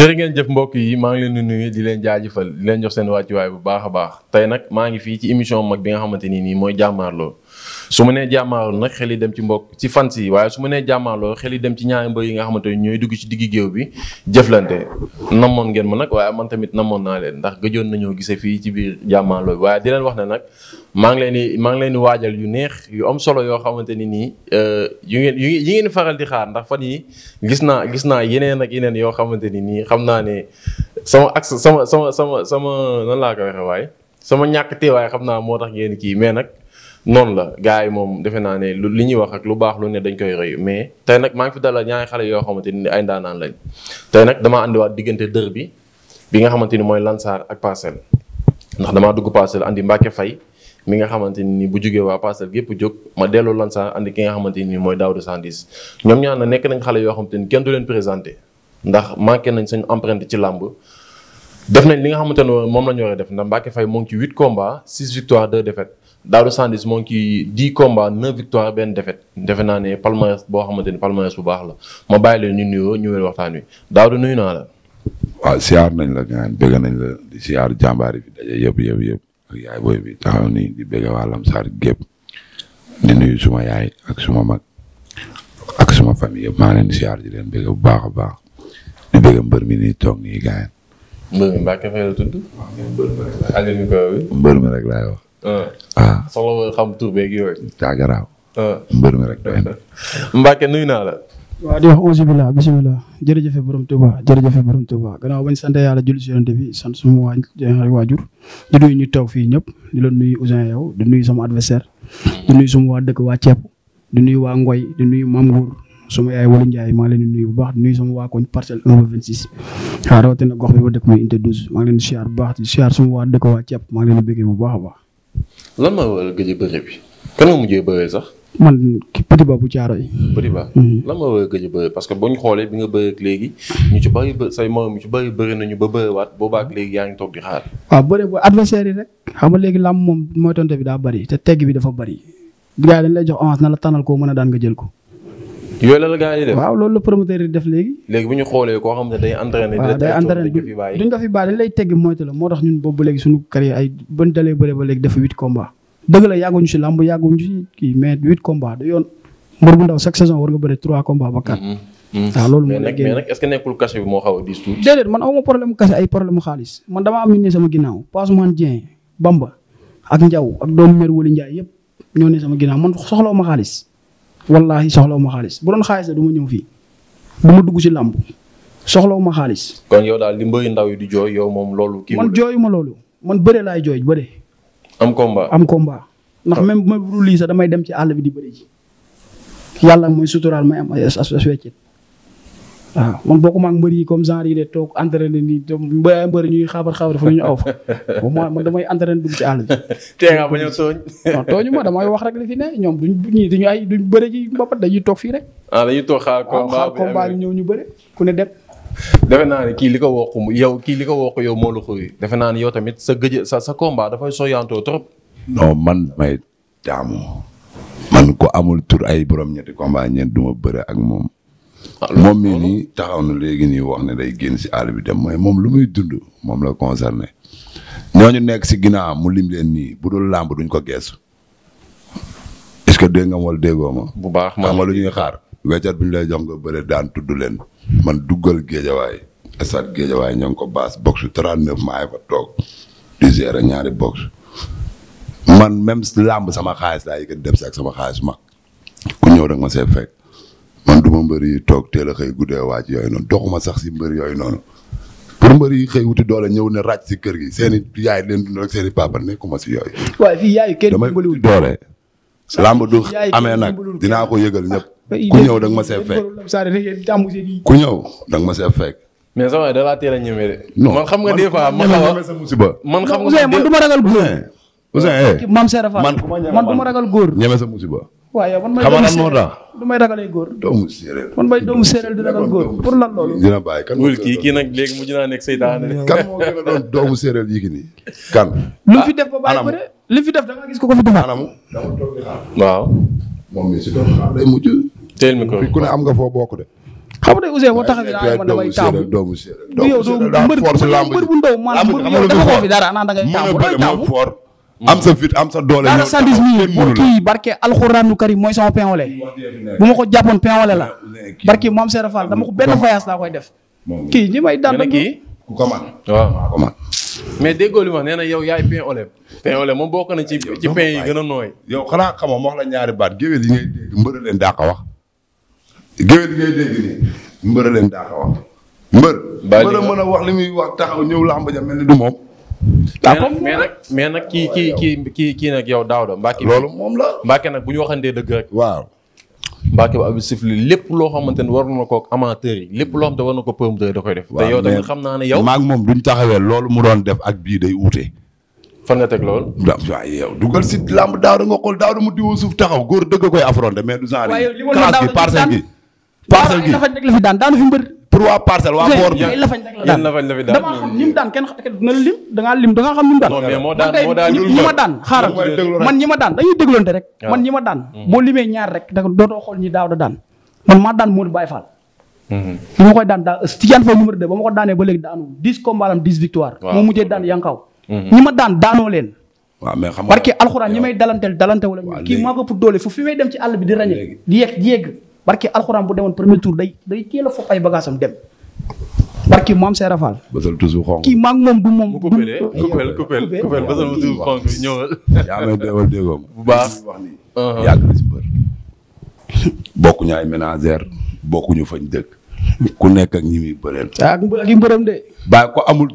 jërë jëf mbokk yi maa ngi leen di nuyu di leen jaajëfal di leen jox seen wàccuwaay bu baax baax tey nag maa ngi fii ci émission mag bi nga xamante nii nii mooy jàmmaarloo su ma nee jàmmaarloo nag xel yi dem ci mbokk ci fans yi waaye su ma nee jàmmaarloo xel yi dem ci ñaari mbër yi nga xamante ni ñooy dugg ci digg géew bi jëflante namoon ngeen ma nag waaye man tamit namoon naa leen ndax gëjoon nañoo gisee fii ci biir jàmmaarloo bi waaye di leen wax ne nag maa ngi leen di maa ngi leen di waajal yu neex yu am solo yoo xamante ni nii euh, yu ngeen yi ngeen faral di xaar ndax fa yi gis naa gis naa yeneen ak yeneen yoo xamante ni nii xam naa ne sama ak sama sama sama sama nan laa ko waaye sama ñàkk teewaay xam naa moo tax ngeen kii mais nag noonu la gars yi moom defe naa ne li ñuy wax ak lu baax lu ne dañ koy rëyu mais tey nag maa ngi fi dalal ñaari xale yoo xamante ni ay ndaanaan lañ nag damaa andiwaat diggante dër bi bi nga xamante ni mooy Lansar ak Parcelles ndax damaa dugg Parcelles andi Mbacke Faye mi nga xamante ni bu jugee waa Parcelles gépp jóg ma delloo Lansar andi ki nga xamante ni mooy Daouda 110 ñoom ñaar na nekk nañ xale yoo xamante ni kenn du leen présenté ndax manqué nañ suñu empreinte ci làmb def nañ li nga xamante ne moom la ñu war a def ndax Mbacke Faye moo ngi ci 8 combats 6 victoires 2 Daouda Sandwich moo ki ci 10 combats 9 benn défaite defe naa ne palmarès boo xamante ni palmarès bu baax la ma bàyyi leen ñu nuyoo ñëwee waxtaan wi Daouda nuyu naa la. waaw siyaar nañ la gaan bëgg nañ la siyaar jàmbaar yi fi daje yëpp yëpp yëpp ak yaay booy bi taxaw nii di bëgg waa gépp di nuyu suma yaay ak suma mag ak suma famille yëpp maa leen siyaar di leen bëgg bu baax a baax di bëgg mbër mi nii toog nii gaan. mbër mi Mbacke rek laay wax. waaw. Ah. soxla nga xam tur beeg yooyu. daa garaaw. Ah. mbër mi rek doy nuyu naa la. waaw di wax auzu billah bisimilah jërëjëf borom Touba jërëjëf borom Touba gannaaw bañ sant yàlla julli si yonent bi sant suma waa waajur di nuyu ñu taw fii ñëpp di la nuyu Ousin yow di nuyu sama adversaire di nuyu suma waa dëkk waa ceeb di nuyu waa Ngoy di nuyu Maam Nguur suma yaay Walu Ndiaye maa ngi bu baax di nuyu sama waa koñ parcelle 1 ba 26 waaw rawatina gox bi ma dëkk muy unité 12 bu baax di siyaar bu baax a baax lan mooy waral gëj a bëre bi. kan nga mujjee bëree sax. man Petit Ba bu jaaro yi. Petit Ba. Mhm. lan moo war a gëj a bëri parce que boo ñu xoolee bi nga bëree ak léegi ñu ci bëri bë say morom ñu ci bëri bëri nañu ba bëriwaat boobaa ak léegi yaa ngi toog di xaar. waaw bëri bu adversaire yi rek xam nga léegi làmb moom mooy tonte bi daa bari te tegg bi dafa bëri. gars yi dañ lay jox avance na la tànnal koo mën a daan nga jël ko. yooyu la la gars yi def waaw loolu la promoteur yi def léegi. léegi bu ñu xoolee koo xam ne day entraîné. waaw day entraîné duñ ko fi bàyyi dañ lay teggi moytu la moo tax ñun boobu léegi suñu carrière ay ban dalee bëre ba léegi def huit combats. dëgg la yàgguñu si làmb yàgguñu si kii mais huit combats du yoon mbër bu ndaw chaque saison war nga bëre trois combats ba quatre. Mm-hmm. Mm-hmm. waaw loolu moo la génn mais a diis tuuti. déedéet man aw problème mu ay problème xaalis man damaa am ñu ne sama ginnaaw Passemane Dieng Bamba ak Ndiaw ak ma xaalis wallaahi soxlawuma xaalis bu doon xaalis la du ma ñëw fii du ma dugg ci làmb soxlawuma xaalis. kon yow daal li mbëri ndaw yi di jooy yow moom loolu. man jooyu ma loolu man bëre laay jooy bëre. am combat am combat. ndax ah. même bu ma lii sax damay dem ci àll bi di bëri ji yàlla mooy suturaal may am ay as as weccet waaw ah, man bokkuma ak mbër yi comme genre yi toog entraîné nii mbaa mbër ñuy xaabar xaabar dafa ñu aw fa au moins man damay entraîné dugg ci àll bi. tey nga bañ a tooñ. non tooñu ma duñ ñii dañu ay duñ dañuy toog fii rek. ah dañuy toog xaar ñëw ñu bëre ku ne dem. defe naa ne kii li ko wokk yow kii li ko wokk yow moo la defe naa ne yow tamit sa gëj sa sa combat dafay soyantoo trop. non man may daamu man ko amul tur ay borom ñetti combat ñeent du ma bëre ak moom Ah, moom mii nii taxaw na léegi nii wax ne day génn si àll bi dem mooy moom lu muy dund moom la concerné ñooñu nekk si am mu lim leen nii bu dul làmb duñ ko geesu est-ce que dégg nga wala déggoo ma. bu baax ma xam nga lu ñuy xaar. weccat bu ñu lay jox nga bëre daan leen. man duggal géejawaay. stade géejawaay ñoo ngi ko baas box 39 maa ngi fa toog di gérer ñaari box. man même làmb sama xaalis laa yëkkati dem si ak sama xaalis mag ku ñëw rek ma see fekk. man du ma mbër yi toog teel a xëy guddee waaj yooyu noonu doxuma sax si mbër yooyu noonu pour mbër yi xëy wuti doole ñëw ne ràcc si kër gi seen i yaay leen dund ak seen i papa nekkuma si yooyu. waaw fii yaayu kenn dimbaliwul doole. lamb du amee nag dinaa ko yëgal ñëpp. ku ñëw da ma see fekk ku ñëw da ma see fekk. mais sama waay da laa teel a ñeme de. non man xam nga des fois ma xaw a man man du ma eh. man ku ma ñeme man du ma ragal góor. ñeme sa musiba. waaw yow man may doomu séeréer lu may ragalee góor. doomu séeréer man may pour lan loolu. dina bàyyi kan kii kii nag léegi mujj naa nekk seytaane. a doon doomu séeréer yi ki nii kan. lu ah, fi def ba bàyyi fi def ko ko fi defaat. anamu dama toog si doon xaar day mujj. teel mi ko ku am nga foo de. xam nga Ousseyn boo taxawee daa man damay taamu doomu séeréer doomu séeréer daa force lamb ji yow doo mbër bu ndaw maanaam yow dafa ko fi dara anaan da am sa fit am sa doole. ñoo taxaw kenn mënu la kii barke alxuraanu karim mooy sama pain au bu ma ko jàppoon pain au lait la barke moom Serap Fall dama ko benn voyage laa koy def. kii ñi may daan kii ku ko mais déggoo li ma nee na yow yaay pain au lait. pain au moom bokk na ci ci pain yi gën a nooy. yow xanaa xamoo wax la ñaari baat géwél yi ngay dégg mbër leen daa ko wax. géwél yi ngay dégg nii mbër leen daa ko wax. mbër. mbër a mën a wax li muy wax taxaw ñëw làmb ja mel ni du moom ah comme mais nag mais nag kii kii kii kii kii nag yow Daouda Mbacké. loolu moom la Mbacké nag bu ñu waxandee dëgg rek. waaw. Mbacké ba abi sifli lépp loo xamante ne war na ko ak amateur yi lépp loo xamante war na ko promoteur da koy def. te yow tamit xam naa ne yow. maag moom duñ taxawee loolu mu doon def ak bii day uute. fan nga teg loolu. waaw yow dugal si làmb Daouda nga xool Daouda mu diwoo suuf taxaw góor dëgg koy affronté mais du genre. waaye li ma gi parcelle gi dafa nekk la fi daan daanu fi mbër. pour waa parcelle waa boor bi damaa xam ni daan kenn dina lim da lim da xam ni daan man man ñi daan dañuy déglonte rek ah. man ñi daan mm-hmm. boo limee ñaar rek dootoo xool ñi daaw da daan man maa daan Modou Baye Fall mm-hmm. mm-hmm. ñi may dalanteel dalante kii maa ko pour doole fu fi may dem ci àll bi di rañe di yegg barki alxuraan bu demoon premier tour day day teel a fopp ay bagages am dem. barki moom Seydou Fall. bësal toujours xonk kii maa ngi moom du moom. bu coupé coupé coupé coupé bësal bu baax wax ni yàgg na si bër. ku nekk ak ñi muy bëreel. ah ak ak mbërëm de. baaye ko amul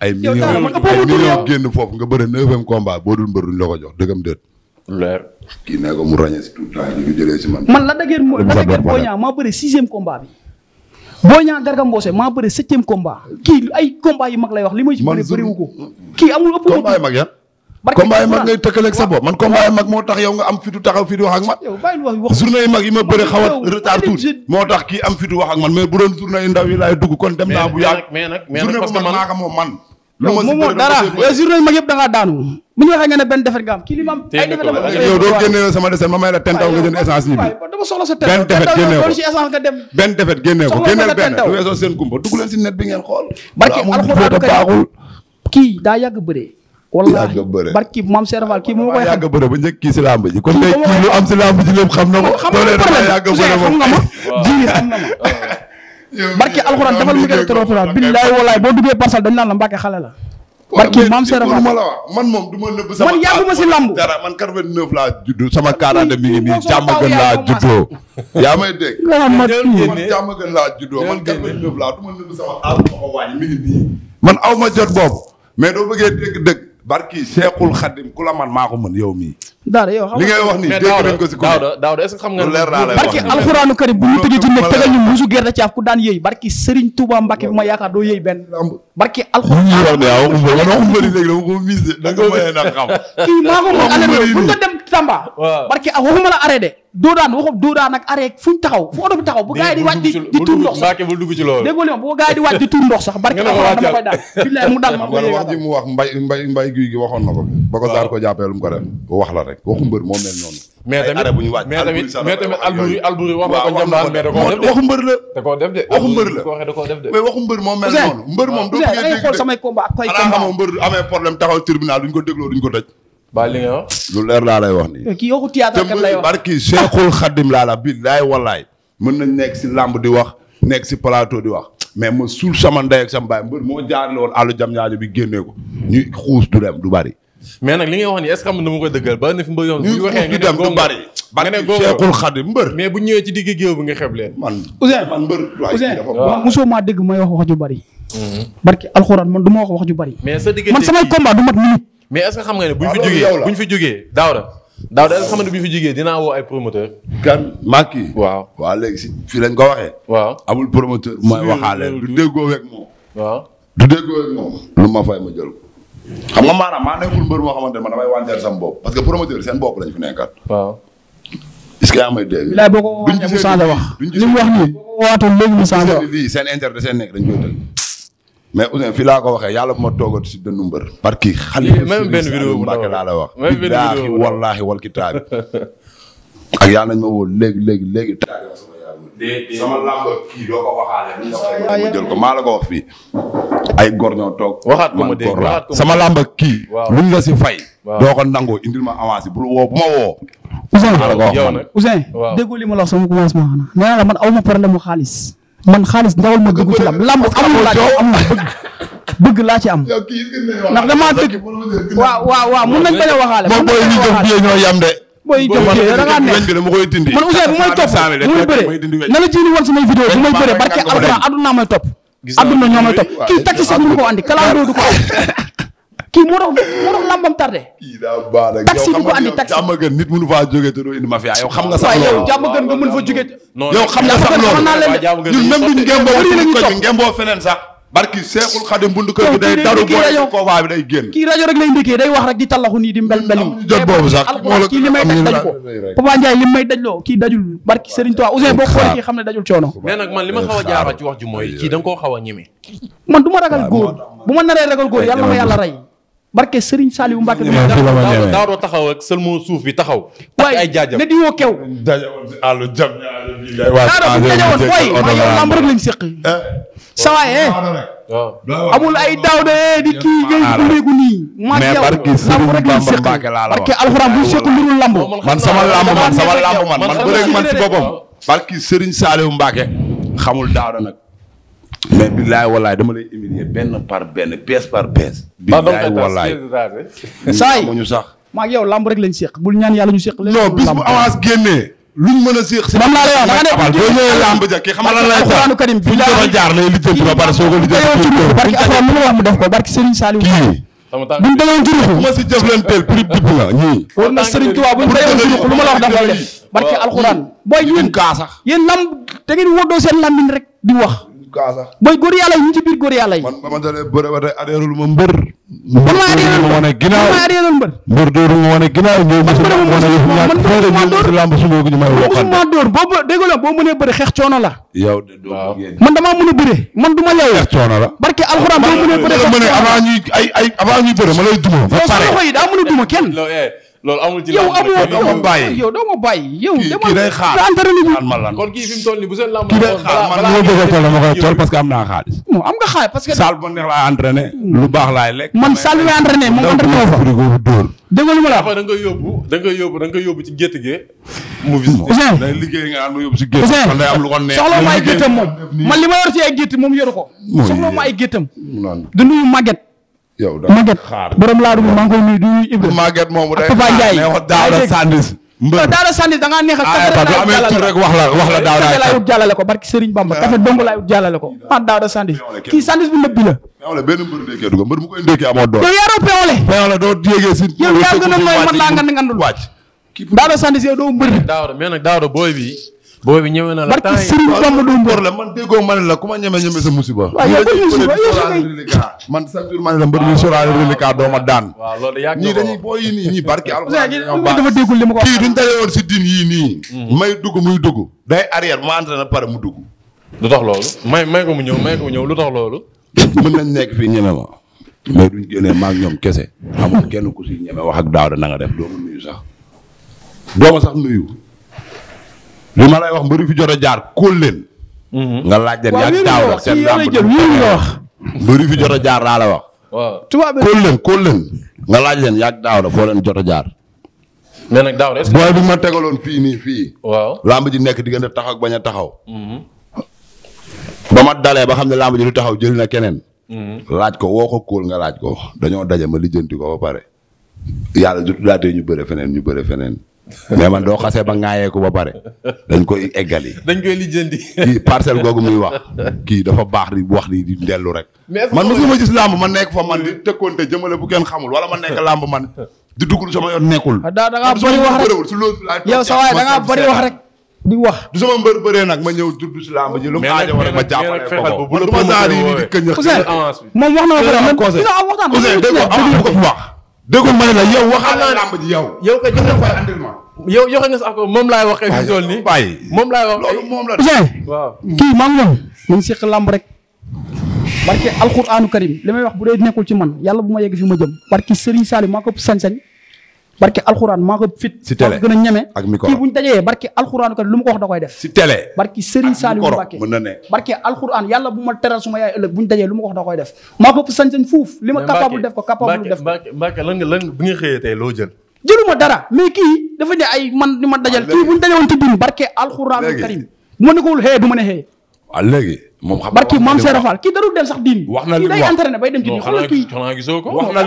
ay millions ay génn foofu nga bëre neuvième combat boo dul mbër duñ la ko jox dëggam leer kii nee ko mu ràññee si tout temps man. la dëgër mooy maa bëri sixième combat bi. boo ñaa maa bëri septième combat kii ay combat yu mag lay wax li ma ci bëri bëriwu ko. kii amul ëpp mag yan. moo tax yow nga am fitu taxaw fitu wax man. journée yi mag yi ma bëri xaw a moo tax kii am fitu wax man mais bu doon journée yu ndaw yi laay dugg kon dem naa bu yàgg. journée yi eh, mag yëpp da daanu bu ñu waxee benn defet nga am sa tentaw benn defet génne ko ci essence nga barki alxuraan daa yàgg bëree. wallaahi barki maam ba njëkk kii si làmb ji kon tey kii lu am si làmb ko. xam nga xam nga ma ji xam nga ma. barki defal mu gën a torotoraat billaay wallaay boo duggee parcelle dañ naan la mbàkke xale la barki maam Seydou Fall ma la wax man moom du ma nëbb sama man yàgguma si lamb dara man sama 40 mi ngi nii gën laa juddoo yaa may dégg man laa juddoo man 89 laa du man aw ma jot boobu mais doo bëggee dégg dëgg barki Seexul Xadim ku la man maa ko mën yow mii Daara yow li ngay wax nii dégg nañ ko xam nga leer naa lay wax barki alxuraanu karim bu ñu tëjee ci ne tegal ñu mbuusu gerte caaf ku daan yëy barki Serigne Touba Mbacke bi ma yaakaar doo yëy benn lamb barki alxuraan yi wax ne waaw ah, umba man wax umbari léegi dama ko visé da nga na xam ah, waxuma la arrêté doo daan waxu doo daan ak arrêté fu taxaw fu oto bi taxaw bu gars di wàcc di tuur ndox sax bu dugg ci loolu déggoo li ma sax barki alxuraan dama koy daal billaay mu daal ma wax ji mu wax mbay mbay mbay guy gi waxoon na ko ba ko saar ko jàppee lu ko def wax la rek rek waxu mbër moo mel noonu. mais tamit mais tamit alburi alburi wax na ko ñoom daan mais da koo def de waxu mbër la. da koo def de waxu mbër la waxu mbër moo mel noonu. mbër moom doo ko ngeen dégg xool samay combat ak koy xamoo mbër amee problème taxaw tribunal duñ ko dégloo duñ ko tëj. ba li nga wax. lu leer laa lay wax nii. kii waxu théâtre kat lay wax barki Cheikhul Khadim laa la billaay wallaay mën nañ nekk si làmb di wax nekk si plateau di wax mais ma suul sama ndey ak sama baay mbër moo jaarale woon àllu jam ñaajo bi génnee ko ñuy xuus du dem du bari mais nag li ngay wax nii est ce que am na ma koy dëggal ba na fi mbër yoon. ñu waxee nga ne góob mbër. mais bu ñëwee ci digg géew bi nga xeeb leen. man man mbër. waaye maa dégg may wax ju bari. Mhm. barki alxuraan man du ma wax wax bari. mais man samay combat du mat minute. mais est ce que xam nga ne bu ñu fi jógee bu ñu fi jógee daawra daawra est ce que xam nga ne bu ñu fi jógee dinaa woo ay promoteur kan Macky. waaw waaw léegi si fii lañ ko waxee. waaw amul promoteur. mooy waxaale du déggoo ak moom. waaw du déggoo ak moom. lu ma fay ma jël xam nga maanaam maa nekkul mbër boo xamante ne man damay wanteer sama parce que promoteur seen bopp lañ fi nekkat. waaw. est que yaa may dégg. bilaay boo ko wootee wax li wax nii. boo ko wootee léegi mu wax seen intérêt da seen nekk dañ koy tëj. mais Ouzin fii laa ko waxee yàlla bu ma toogat si dënnu parce que xale yi même benn vidéo bu Mbàkke laa la wax. même benn ma woo léegi léegi léegi. sama làmb kii doo ko waxaale. mu jël ko maa la ko wax fii. ay góor ñoo toog. waxaat ko ma dégg waxaat ko sama làmb la si fay. doo ko nangoo indil ma avancé bul woo bu ma woo. Ousseyn yow ma la wax sama commencement xanaa nee naa la man aw ma problème mu xaalis. man xaalis ndawal ma dugg ci lam lamb amul laa ci am na bëgg laa ci am ndax mun nañ bañ a waxaale. mooy jokkoo da koy nekk man Ousseynou bu may topp bu may na la jëli woon samay vidéo bu may bëree barke alxuraan adduna may topp. gis naa adduna ñoo may topp kii takki sax mënu ko andi kalandoo du ko am kii moo tax moo tax lambam tardé. kii daa andi taxi yow xam nga nit mënu faa jógee te doo indi mafia yow xam nga sax loolu yow jàmm gën nga mën fa jógee. yow xam nga sax loolu ñun même duñ ngemboo feneen sax barki seexul xadim bundu kër gi day daru boo kii rajo rek lay ndékkee day wax rek di tallaxu nii di mbel mbel jot boobu sax kii li daj daj ko Papa Ndiaye li kii dajul barki Serigne Touba Ousseyn boo xoolee kii xam ne dajul coono mais nag man li ma xaw a jaara ci wax ji mooy kii da nga koo xaw a ñeme man du ma ragal góor bu ma naree ragal góor yàlla ma yàlla rey barke Serigne Saliou Mbacke. daaw doo taxaw ak seulement suuf bi taxaw. waaye ay jaajam ne di woo kew. allo lamb rek lañ seq. Eh? sa waay amul ay daaw de di kii ngay dureegu ah, ah. nii. mais barke Serigne Bamba Mbacke laa la wax barke alxuraan lu dul lamb. man sama lamb man sama lamb man man man si boppam. barke Serigne Saliou Mbacke xamul daaw nag. mais billaay walaay dama lay humilier benn par benn pièce par pièce. billaay walaay saay ñu sax. maa ak yow lamb rek lañ séq bul ñaan yàlla ñu séq. leen non bis bu avance génnee. luñ mën a séq. moom laa lay wax ba pare soo ko lijjanti. barki afro mu wax mu def ko barki Serigne Saliou. kii buñ demoon ci ruxu. ma si jëflanteel prix dib la ñii. war na Serigne Touba buñ demoon ci ruxu lu ma la wax seen lambin rek di wax gaasa. booy góor yàlla yi ñu ci biir góor yàlla yi. man ba ma dalee bëre ba tey adhéerul ma mbër. mbër dóoru ma wane ginnaaw mbër dóoru ma wane ginnaaw ñoom mosu ma wane ñàkk fële ñoom la boo mënee bëre xeex coono la yow de doo man a bëre man du ma coono la barke alxuraan boo mënee bëre avant ñuy ay ay avant ñuy bëre ma lay duma ba pare daa mën a duma kenn eh, loolu amul ci yow amul yow doo bàyyi yow doo ma bàyyi yow kii day xaar kon kii fi mu toll nii bu seen lamb kii man lu ma bëgg a toll dama koy toll parce que am naa xaalis moom am bu neex laay lu baax laay lekk man salle bi entraîné moom lu ma la wax da nga koy yóbbu da nga koy yóbbu yóbbu ci gétt gi mu visité day liggéey am yóbbu ci gétt kon lu ko neex soxla ma ay géttam moom man li ma yor ci ay gétt moom yoru ko soxla ma ay géttam du nuyu magget yow da Maguette borom laa dugg maa ngi koy nuyu du Ibrahima. Maguette moomu day xaar Daouda Sandwich. mbër Daouda Sandwich da ngaa neexal. kafe ah, la amee tur rek wax la wax la ko barki Serigne Bamba kafe dong laay wut jàllale ko ah Daouda Sandwich kii Sandwich bi la. Péolé benn mbër ndékkee dugg mbër mu doo yéegee si. yow yaa gën a nooy man laa nga ngandul wàcc. Daouda Sandwich yow doo mbër. Daouda booy bi ñëwee na la temps yi la man déggoo ma la ku ma ñeme ñeme sa musiba. waaw yow man chaque jour ma ne la mbër mi sóoraale reliquat doo ma daan. waaw loolu yàgg ñii dañuy booy yii nii ñii barki alxuraan dafa déggul li ko kii duñ daje may dugg muy dugg. day arrière ma na pare mu dugg. lu tax loolu may may ko mu ñëw may ñëw lu tax loolu. mën nañ nekk fii ñeme ma. mais duñ génnee ma ñoom kese. amul kenn ku si ñeme wax ak daaw da na nga def doo ma nuyu sax doo sax nuyu li ma lay wax mbëri fi jot a jaar kóol leen. Mhm. nga laaj leen yaa ngi daaw wax seen làmb a jaar laa la wax. waaw tubaab bi nga laaj leen yaa ngi daaw leen jot a jaar. mais nag daaw est-ce ma tegaloon fii nii fii. waaw làmb ji nekk diggante taxaw ak bañ a taxaw. Mhm. ba ma dalee ba xam ne làmb ji du taxaw jël na keneen. Mhm. laaj ko woo ko kóol nga laaj ko dañoo daje ma lijjanti ko ba pare. yàlla du laatee ñu bëre feneen ñu bëre feneen. mais man doo xasee ba ŋaayeeku ba pare dañ koy eggali. dañ koy lijjanti. kii parcelle googu muy wax kii dafa baax di wax di dellu rek. man mosuma gis làmb man nekk fa man di tëkkoonte jëmale bu kenn xamul wala ma nekk làmb man di dugg sama yoon nekkul. Ah, da ngaa bëri wax rek da ngaa bëri wax rek. di wax du sama mbër bëree nag ma ñëw dudd si làmb ji lu ma jàppale ko bu la ma saa di di këñ moom wax na ma ko rek man dina am waxtaan. Ousseyn dégg nga am na wax. dëggul ma ne la yow waxal naa làmb ji yow. yow kay joxe nga yow joxe nga sax ko moom laay waxee. waay waay waay moom laay wax loolu moom la. waaw kii maa ngi woon. nañ seq làmb rek. barke alxuraanu karim li may wax bu dee nekkul ci man yàlla bu ma yegg fi ma jëm. barke Serigne Salim maa ko sañ-sañ barke alxuraan maa ko fit. si télé maa a kii bu dajee barke alxuraan lu mu ko wax da koy def. si télé barke Serigne Saliou Mbacké na ne. barke alxuraan yàlla bu ma teral suma yaay bu ñu ko wax da def maa ko sañ-sañ fuuf. li ma capable def ko capable def ah, bu ma ne ko wul xëyee du ma ne xëyee ah, waaw maam Seera Fall kii darul dem sax diin wax na li mu bay dem ci diin xoolal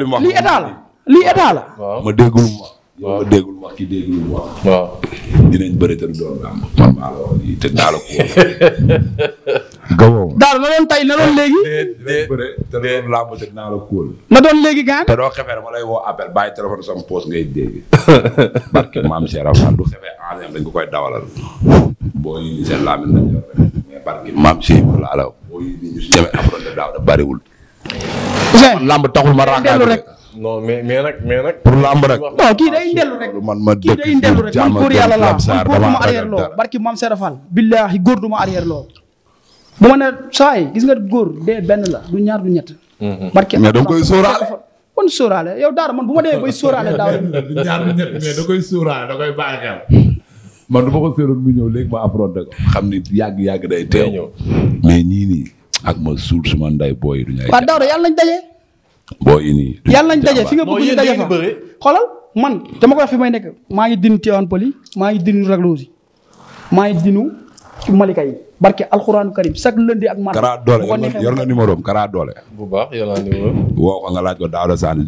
li mu la lii état la. ma déggul ma. waaw ma déggul ma ki déggul ma. waaw dinañ bëri te du doon am man maa la wax te daa la ko. gawoo daal na doon tey na doon léegi. dinañ bëri te du doon làmb te dinaa la kóol. na doon léegi gaan. te doo xefee ma lay woo appel bàyyi téléphone sama poos ngay dégg. barke maam Cheikh Raval du xefee en dañ ko koy dawalal. boo yii seen laamin dañ yor rek mais barke maam Cheikh Raval boo yii ñu si ñeme affronté daaw da bariwul. Ousseyn lamb taxul ma raakaatu rek. pour lamb rek. rek man ma dëkk kii day ndellu rek man góor yàlla laa man góor du ma arrière loo barki maam Serap billaahi góor du ma arrière loo. bu ma ne saa gis nga góor dee benn la du ñaar du ñett. Mm-hmm. barki mais da nga koy sóoraale. yow daara man bu ma dee bay sóoraale daaw du ñaar du ñett mais ma ko séeroon mu ñëw léegi ma affronté ko. xam ni yàgg yàgg day teew. mais ñii nii ak ma suul suma nday booy du ñu. waaw nañ daje. boo indi. yàlla nañ daje fi nga bëgg ñu daje fa xoolal man dama ko wax fi may nekk maa ngi din Tivaouane Peulh yi maa ngi dinu Ragloos yi maa ngi dinu Malika yi barke alxuraanu karim chaque lundi ak mardi. Doole yor nga numéro am Doole. bu baax yor naa numéro am. woo ko nga laaj ko Daouda Sane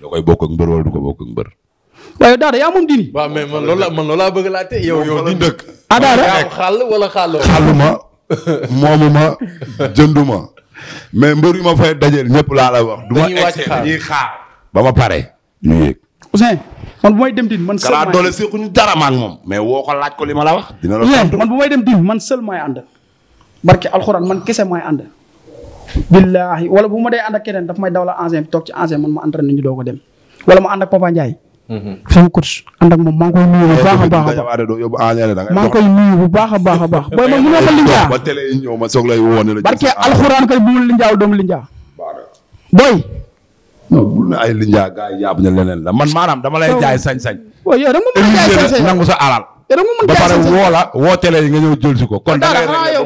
da koy bokk ak mbër wala du ko bokk ak mbër. waaye Daouda yaa moom dini. waaw mais man laa bëgg laajte yow yow dëkk. a ah, Daouda xàll wala xàll. xàlluma moomuma jënduma mais mbër yu ma fay dajeel ñëpp laa la wax. du ma egg dañuy xaar ba ma pare. ñu yëg Ousseyn man bu may dem din man. seul maay doole si ñu dara ma moom. mais woo ko laaj ko li ma la wax. dina la sant man may dem man seul maay ànd. barke alxuraan man kese maay ànd. billaahi wala bu ma dee ànd ak keneen daf may daw la ancien bi toog ci ancien man ma entraîné ñu doo ko dem wala ma ànd ak Papa Mm-hmm. sama coach ànd ak moom maa ngi bu baax a baax a baax booy man mënoo linjaa ba télé ñëw ma soog lay barke alxuraan kay bu mu linjaaw doomu linjaa booy non ay linjaa gaa yi leneen la man maanaam dama lay jaay sañ-sañ booy yow dama mën a jaay sañ-sañ nangu sa alal yow dama mën jaay sañ-sañ nga ñëw ko kon da ah, ngay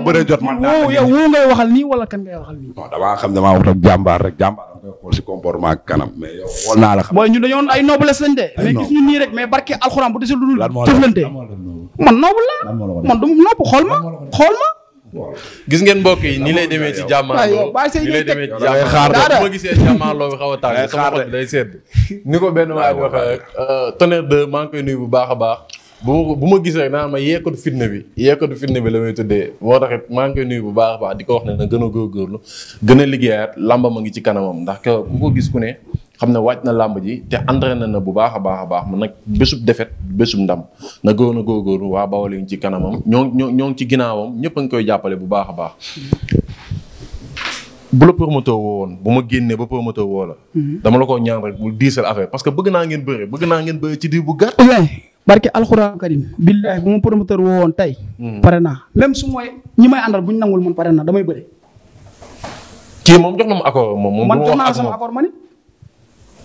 wala kan ngay waxal nii non damaa xam damaa wax rek jàmbaar rek koy xool si comportement ak kanam mais yow xool naa la xam booy ñun dañoo ay noblesse lañ de mais gis ñu nii rek mais barke alxuraan bu desul lu dul jëflante man noble la man du nopp xool ma xool ma gis ngeen mbokk yi nii lay demee ci jàmmaarloo nii lay demee ci jàmmaarloo bu ma gisee jàmmaarloo bi xaw a tàng sama xol bi day sedd ni ko benn waay waxee euh, tonnerre de maa ngi koy nuyu bu baax a baax bu ma bu ma gis rek naan ma yeekatu fitna bi yeekatu fitna bi la may tëddee moo taxit maa ngi koy nuyu bu baax a baax di ko wax ne na gën a góorgóorlu gën a liggéeyaat làmba ma ngi ci kanamam ndax ku ko gis ku ne xam ne wàcc na làmb ji te entre na na bu baax a baax a baax nag besub defet bésub ndam na gën a góorgóorlu waa Bawol yi ci kanamam ñoo ñoo ñoo ngi ci ginnaawam ñëpp a ngi koy jàppale bu baax a baax. bu la promoteur woon bu ma génnee ba promoteur woo la. Mhm. dama la ko ñaan rek bu diisal affaire parce que bëgg naa ngeen bëgg naa ngeen bëre ci diir bu barke alxuraan karim billahi bu ma promoteur woo woon tey. Hmm. pare naa même su ñi may àndal bu ñu nangul man pare naa damay bëri. kii moom jox na ma accord moom. man jox sama accord ma ni.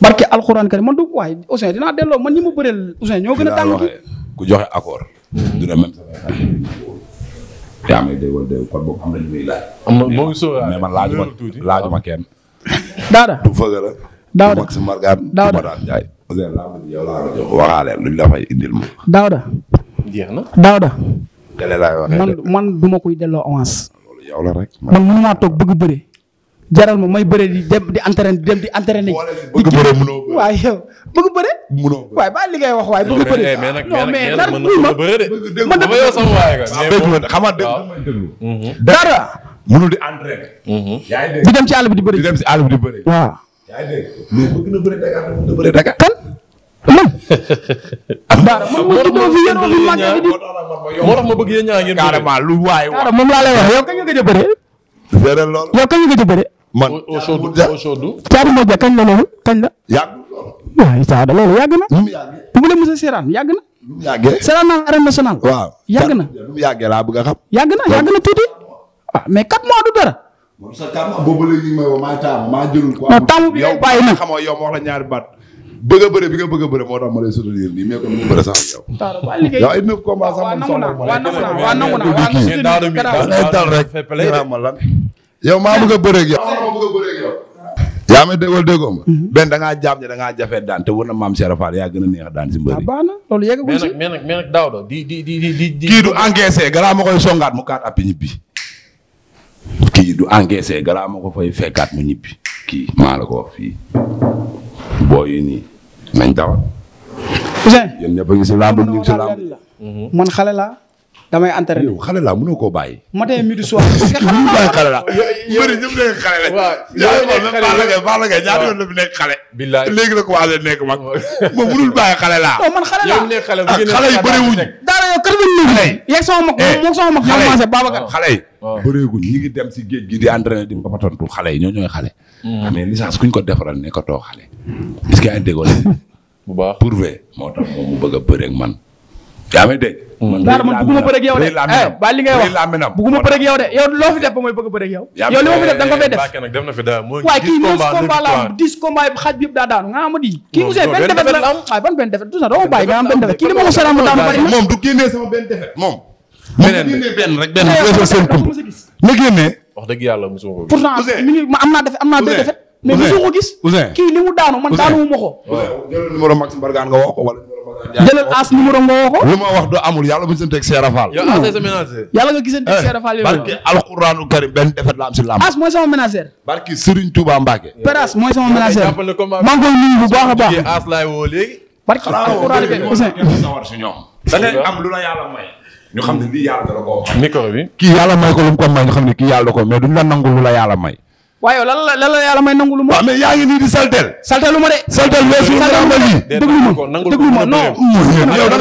barke alxuraan karim man du waaye Ousseyn dinaa delloo man ñi ma bëreel Ousseyn ñoo gën a tàng. ku joxe kenn. daada daada waxaale luñ la indil moom. Daouda. jeex man man du ma koy delloo avance. loolu yow a rek. man mën naa toog bëgg bëri. jaral ma may bëre di dem di entraîné di dem di entraîné. bëgg bëre mënoo bëre waaye yow de. Eh, mën na bëre sama waay ga. dara. mënul di entraîné. Mhm. yaa ngi dégg di dem ci àll bi di bëre. di dem ci àll bi di bëre. man. Baara fi yoroo fi fi ma bëgg yéen waay waay moom laa lay wax yow a bëre. seeral loolu a bëre. man au chaud au chaud du. Thiatou Modou Dia kañ la loolu kañ la. yàgg loolu. mu la mos a seeraan na. yàggee seeraan naa arène nationale. waaw yàgg na yàggee laa bëgg a xam. yàgg ah, taamu bi yow bàyyi na bëgg a bëre bi nga bëgg a bëre moo tax ma yow. ma la. yow maa yaa ma déggoo déggoo ma. Mhm. benn da ngaa jàpp ne da ngaa jafe daan te war na maam Serap yaa gën a neex daan si mbëri. Ah, baax na loolu yeggagul si mais nag mais nag daaw do kii du encaissé galaa ma koy songaat mu kaat appi ñibbi. kii du encaissé galaa ma ko fay mu ñibbi kii maa ko fii boo yi nii nañ dawal. Ousseyn yéen ñëpp a ngi si làmb ñu ngi si làmb. xale laa. damay entre wu xale laa mënoo koo bàyyi. matin midi soir. parce que xale la yow bëri ñëpp nekk xale la. waaw yow nekk xale la yow Balla Gaye ñaata yoon la fi nekk xale. la commencé nekk mag. moom mënul bàyyi xale laa. non xale laa bu ah, gi xale si eh. géej gi di entraîné di mbapatantu xale yi ñoo ñooy xale. Hmm. mais licence kuñ ko defaral nekkatoo xale. est-ce que ay déggoo bu baax moo tax mu bëgg a man yaa may dégg. Mm. man bëgguma bëreeg yow de eh, ba li wax bëgguma bëreeg yow de yow loo fi def ba mooy bëgg bëreeg yow. yow li fi def da nga ko fay def. waaye kii neuf combat la am dix combat yi xaj bi yëpp daa daanu man daanu ma jëlal as numéro nga woo lu ma wax du amul yàlla bu ñu seen teg Seera Fall. yow as sa ménagère. yàlla nga gisante eh, Seera Fall yow. barke alxuraanu karim benn defet la am si lamb. as mooy sama ménagère. barke Serigne Touba Mbacke. Peras mooy sama ménagère. maa ngi koy bu baax a baax. as woo léegi. barke alxuraanu karim Ousseyn. da ngay lu la yàlla may. ne lii bi. kii yàlla may ko lu mu ko may ñu xam ne kii yàlla ko mais duñ la nangu lu la yàlla may waaye yow lan la la yàlla may nangu lu ma. waaw mais yaa ngi nii di saltel. saltel ma de. saltel weesu nga am lii. déglu da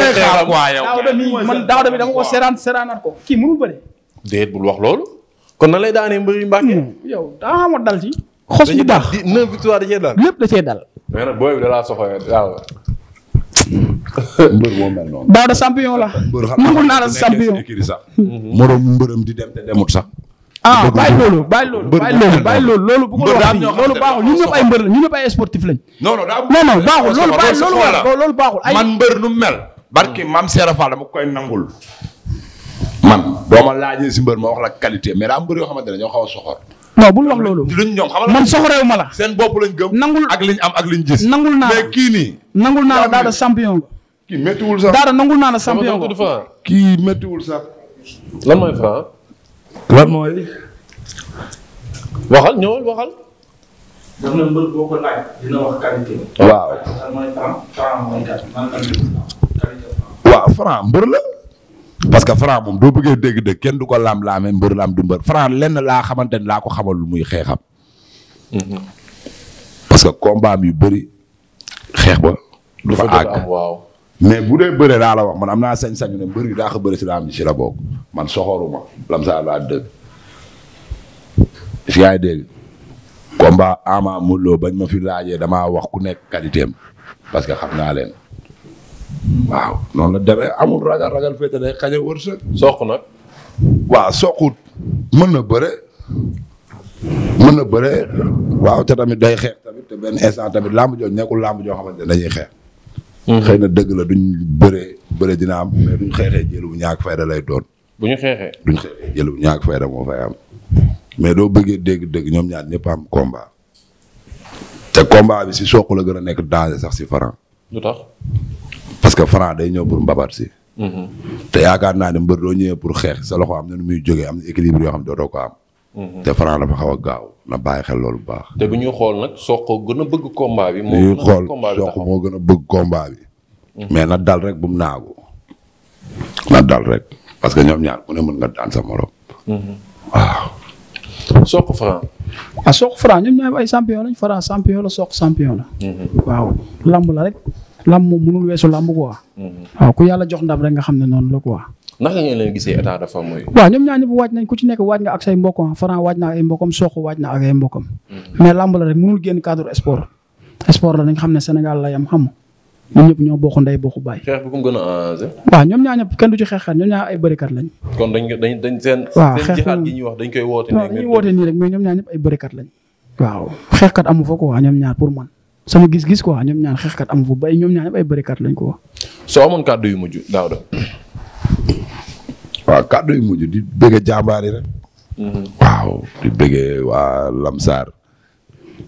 ngay xaar daaw ko kii mënul bëre. lay hmm. da cee dal. lépp da cee dal. mais da laa soxla yàlla. mbër moo mel daaw da champion la. moroom mbërëm di dem te demut sax ah bàyyi loolu bàyyi loolu bàyyi loolu bàyyi loolu loolu bu ko wax loolu baaxul ay mbër la ñun ñëpp ay sportif lañ non non baaxul loolu baaxul loolu loolu baaxul ay man mbër nu mel barki maam Seera Fall dama koy nangul man doo ma laajee si mbër ma wax la qualité mais daa mbër yoo xamante ne ñoo xaw a soxor non bul wax loolu luñ ñoom man soxoreewu ma seen bopp lañ gëm nangul ak liñ am ak liñ gis nangul naa mais kii nii nangul naa la daada champion kii méttiwul sax daada nangul naa la champion kii méttiwul sax lan mooy Franc lan mooy. waxal ñëwal waxal. waaw waaw mbër la. parce que franc moom doo bëggee dégg-dégg kenn du ko laam-laamee mbër la am du mbër franc lenn laa xamante ne laa ko xamal muy xeexam. Mm-hmm. parce que combat am yu bëri xeex ba. du fa àgg mais bu dee bëre laa la wax man am naa sañ-sañu ne mbër yi daa ko bëre si laa am si la bokk man soxoruma lamsaar laa dëgg si yaay dégg combat Ama Modou Lo bañ ma fi laajee damaa wax ku nekk qualité parce que xam naa leen waaw noonu la demee amul ragal ragal féete day xañ a wërsëg. soq nag. waaw soqut mën na bëre mën na bëre waaw te tamit day xeex tamit te benn instant tamit làmb jooju nekkul làmb joo xamante ne dañuy xeex. Mm-hmm. xëy na dëgg la duñ bëree bëre dina am mais duñ xeexee jël bu ñaak fayda lay doon. bu ñu xeexee duñ xeexee jël bu ñaak fayda moo fay am. mais doo bëggee dégg dëgg ñoom ñaar ñëpp am combat. te combat bi si soq la gën a nekk danger sax si Franc. lu tax parce que Franc day ñëw pour mbabat si. Mm-hmm. te yaakaar naa ne mbër doo ñëwee pour xeex sa loxo am na nu muy jógee am na équilibre yoo xam ne dootoo ko am. Mhm. te Franc dafa xaw a gaaw na bàyyi xel loolu bu baax. te bu ñuy xool nag Sokh gën a gën a bëgg combat bi xool moo gën a bëgg combat bi. Mhm. mais na dal rek bu mu naagu. na dal rek parce que ñoom ñaar ku ne mën nga daan sa morom. Mhm. waaw. Sokh Franc. ah Sokh Franc ñoom ñaar ay champion lañ Franc champion la Sokh champion la. waaw lamb la rek. lamb moom mënul weesu lamb quoi. waaw ku yàlla jox ndam rek nga xam ne noonu la quoi. naka ngeen leen gisee état de forme mooy. waaw ñoom ñaar ñëpp waaj nañ ku ci nekk waa nga ak say mbokkam Franc waaj na ak ay na ak ay mbokkam. Mm-hmm. mais lamb la rek mënul génn cadre sport. sport la dañ xam ne Sénégal la yam xam ñoom ñoo bokk ndey bokk ku mu gën a ñoom ñaar ñëpp kenn du ci xeexaat ñoom ñaar ay bërikat lañ. kon dañ dañ dañ seen. waaw xeex jixaat gi ñuy wax dañ koy woote. non dañuy woote nii rek mais ñoom ñaar ñëpp ay bërikat lañ. waaw xeexkat amu fa quoi ñoom ñaar pour man sama gis-gis quoi ñoom ñaar xeexkat amu fa ba ñoom ñaar ñëpp ay bërikat lañ ko wax. soo amoon kàddu yu mujj daaw da waaw kàddu yu mujj di bëgg jàmbaar yi rek. Mm-hmm. waaw di bëggee waa Lamsar.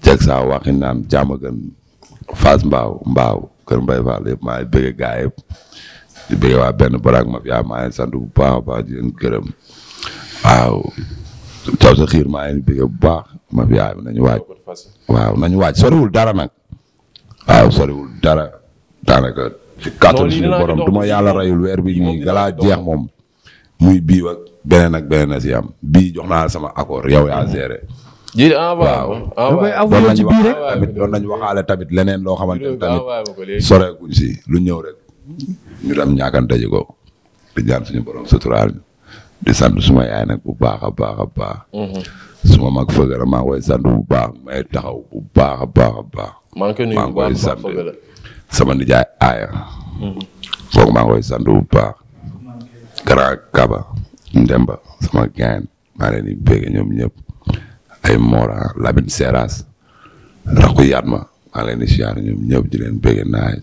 Ceg saa waxi naan Diamaguène Fass Mbaaw Mbaaw Kër Mbaye Fall yëpp maa ngi bëgg gaa yëpp di bëgg waa benn baraag ma yaa maa ngi sant bu baax a waaw caw sa xiir maa ngi bëgg bu baax ma yaa nañu waaj waaw nañu waaj soriwul dara nag waaw soriwul dara daanaka ci kàttan suñu borom du ma yàlla bi ñuy galaa jeex moom muy bii ak beneen nag beneen a si am bii jox naa sama accord yow yaa géré. ji nañ doon nañu wax waxaale tamit leneen loo xamante ne tamit soreekuñ si lu ñëw rek ñu dem ñàkkante ji ko di ñaan suma yaay nag bu baax a baax a baax. Mhm. suma mag fëgg maa koy sant taxaw bu sama nijaay aaya. foog maa koy sant bu baax. Gara Kaba Ndemba sama gaan maa leen di bégg ñoom ñëpp ay Mora Labin Seras Raku Yatma maa leen di siyaar ñoom ñëpp di leen bégg naaj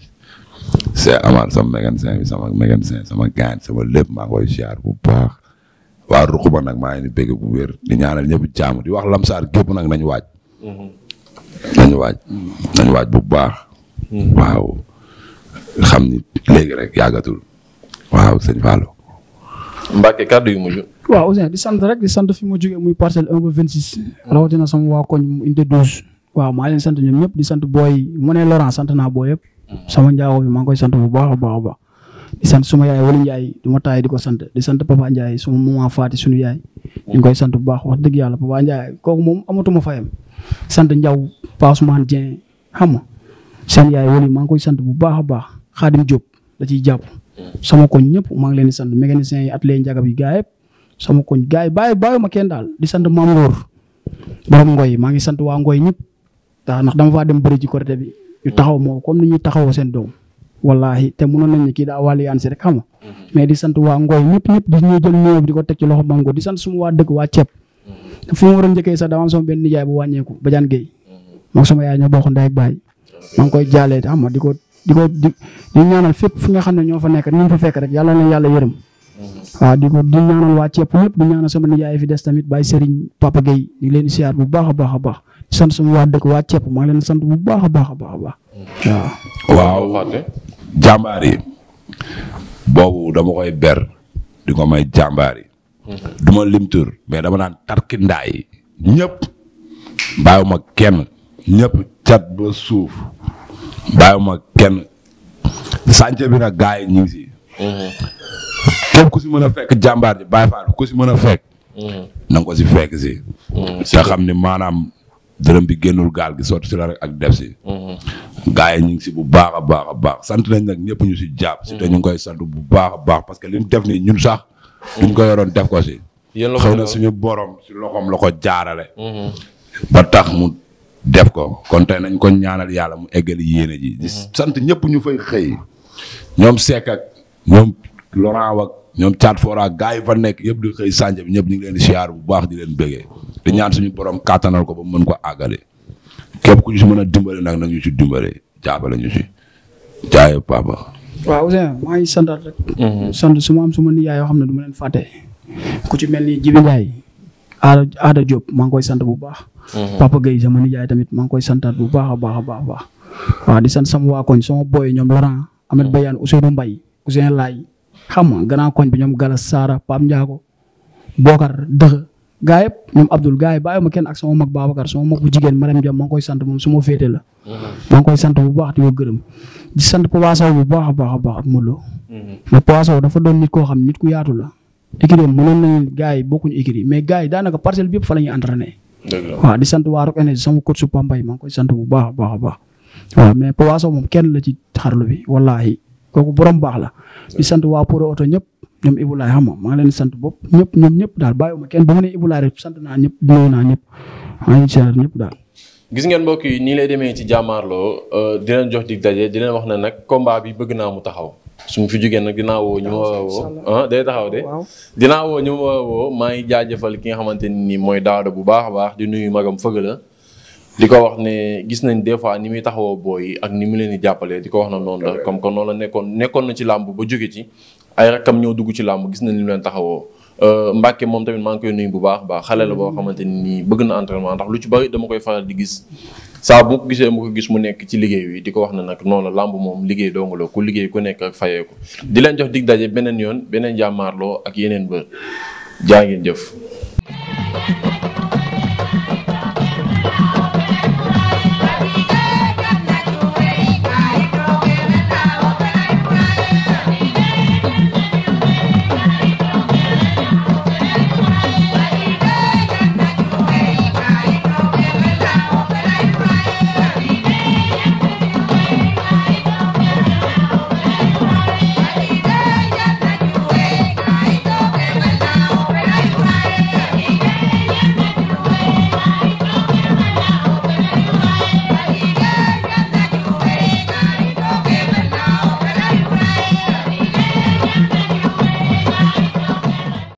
c'est Amar sama mécanicien bi sama mécanicien sama gaan sama lépp maa ngi koy bu baax waa Ruquma nag maa ngi leen di bégg bu wér di ñaanal ñëpp jaamu di wax lamsaar gépp nag nañ waaj. nañ waaj nañ waaj bu baax. Mm-hmm. waaw xam ni léegi rek yàggatul waaw sëñ Fallou. Mbacke kàddu yu mujj. waaw Ouzin di sant rek di sant fi ma jógee muy parcelle 1 ba 26. rawatina sama waa koñ mu indi 12. waaw maa leen sant ñoom ñëpp di sant booy mu ne Laurent sant naa booy yëpp. sama njaago bi maa ngi koy sant bu baax a baax a baax. di sant suma yaay Waly Ndiaye du ma di ko sant di sant papa Ndiaye suma maman Faati sunu yaay. ñu ngi koy sant bu baax wax dëgg yàlla papa kooku moom amatuma fayam. sant Ndiaw Pa Ousmane Dieng xam nga seen yaay Waly maa ngi koy sant bu baax a baax Xaadim Diop da ciy jàpp. sama koñ ñëpp maa ngi leen di sant mécanicien yi atelier njagab yi gaa yëpp sama koñ gaa yi bàyyi ma kenn daal di sant maam Ngor borom Ngoy maa ngi sant waa Ngoy ñëpp waaw ndax dama faa dem bëri ci Korité bi ñu taxaw moo comme ni ñuy taxawoo seen doom wallahi te mënoon nañ ne kii daa wàllu yaan si rek xam nga mais di sant waa Ngoy ñëpp ñëpp di ñuy jël ñëw di ko teg ci loxo maam Ngor di sant suma waa dëkk waa ceeb fu ma a yaay ñoo bokk ndey ak baay maa koy jaalee xam nga di ko di di ñaanal fépp fu nga xam ne ñoo fa nekk ñu fa fekk rek yàlla na yàlla yërëm waaw di ñaanal waa ceeb ñëpp di ñaanal sama nijaay fi des tamit Baye Serigne Papa Gueye ñu ngi leen di siyaar bu baax a baax a baax di sant sama waa dëkk waa ceeb maa ngi leen sant bu baax a baax a baax a baax waaw. waaw jàmbaar yi boobu dama koy ber di ko may jàmbaar yi. du ma lim tur mais dama naan tarkindaa yi ñëpp bàyyiwuma kenn ñëpp cat ba suuf bàyyiwuma kenn sànce bi nag gars yi ñu ngi si. képp ku si mën a fekk jàmbaar ji bàyyi faal ku si mën a fekk. na nga ko si fekk si. te xam ni maanaam dërëm bi génnul gaal gi sotti si la rek ak def si. gars yi ñu ngi si bu baax a baax a baax sant nañ nag ñëpp ñu si jàpp. si te ñu ngi koy sant bu baax a baax parce que li mu def nii ñun sax. duñ ko yoroon def ko si. xaw na suñu borom si loxoom la ko jaarale. Mm-hmm. ba tax mu. def ko kon tey nañ ko ñaanal yàlla mu eggali yéene ji. di mm-hmm. sant ñëpp ñu fay xëy. ñoom Seck ak ñoom Laurent ak ñoom Thiat Fora ak yi fa nekk yëpp di xëy ñëpp ñu ngi leen bu baax di leen bëggee. di ñaan suñu borom kàttanal ko ba mën ko àggale. képp ku ñu si mën a dimbale nag nag ñu si dimbale jàppale ñu si jaayee papa. waaw Ousseyn maa ngi rek. Mm-hmm. sant su ma am su yoo xam ne du ma leen ku ci mel ni Jibi Ndiaye. Aada Aada Diop maa ngi koy sant bu baax. Mhm. Papa Gueye sama nijaay tamit maa koy santaat bu baax a baax a baax a baax waaw di sant sama waa koñ a booy ñoom Laurent Ahmed mhm. Bayane Ousseynou Mbaye Ousseynou Laay xam nga gannaaw koñ bi ñoom Galas Saara Pape Ndiago Bokar Dëx gaa yëpp ñoom Abdoul gaa yi bàyyi ma kenn ak sama mag Babacar sama mag bu koy sant moom su ma féete la. Mhm. maa koy sant bu baax di ko gërëm di sant Papa Sow bu baax a baax a baax ma Modou Lo. mais Papa Sow dafa doon nit koo xam nit ku yaatu la. écurie mënoon nañu gaa yi bokkuñu écurie mais gaa yi daanaka fa la waaw di sant waa Rock Énergie sama coach Pambay maa koy sant bu baax a baax a baax waaw mais Papa Sow moom kenn la ci xarlu bi wallaahi kooku borom baax la di sant waa Poro Oto ñëpp ñoom Ibulaay xam nga maa ngi leen sant bopp ñëpp ñoom ñëpp daal bàyyiwuma kenn bu ma nee Ibulaay rek sant naa ñëpp nuyu naa ñëpp maa ngi sant ñëpp daal. gis ngeen mbokk yi nii lay demee ci jàmmaarloo euh, di leen jox dig daje di leen wax ne nag combat bi bëgg naa mu taxaw. su ma fi jugee nag dinaa woo ñu ma woo ah, day taxaw de dinaa woo ñu ma maa ngi jaajëfal ki nga xamante ni mooy daada bu baax baax di nuyu magam fëgg la di ko wax ne gis nañ des fois ni muy taxawoo booy yi ak ni mu leen di jàppalee di ko wax na noonu la comme que noonu la nekkoon nekkoon na ci làmb ba jóge ci ay rakkam ñoo dugg ci làmb gis nañ ni mu leen taxawoo Euh, Mbacke moom tamit maa ngi koy nuyu bu baax baax xale la boo mm-hmm. xamante ni bëgg na entraînement ndax lu ci bari dama koy faral di gis saa bu gisee mu ko gis mu nekk ci liggéey wi di ko wax ne nag noonu la làmb moom liggéey dongo la ku liggéey ku nekk ak fayeeku di leen jox dig daje beneen yoon beneen jàmmaarloo ak yeneen bër jaa jëf.